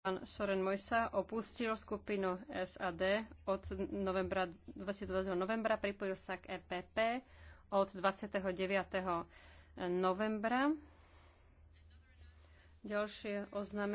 Pán Soren Mojsa opustil skupinu SAD od novembra, 22. novembra, pripojil sa k EPP od 29. novembra. Ďalšie oznámenie.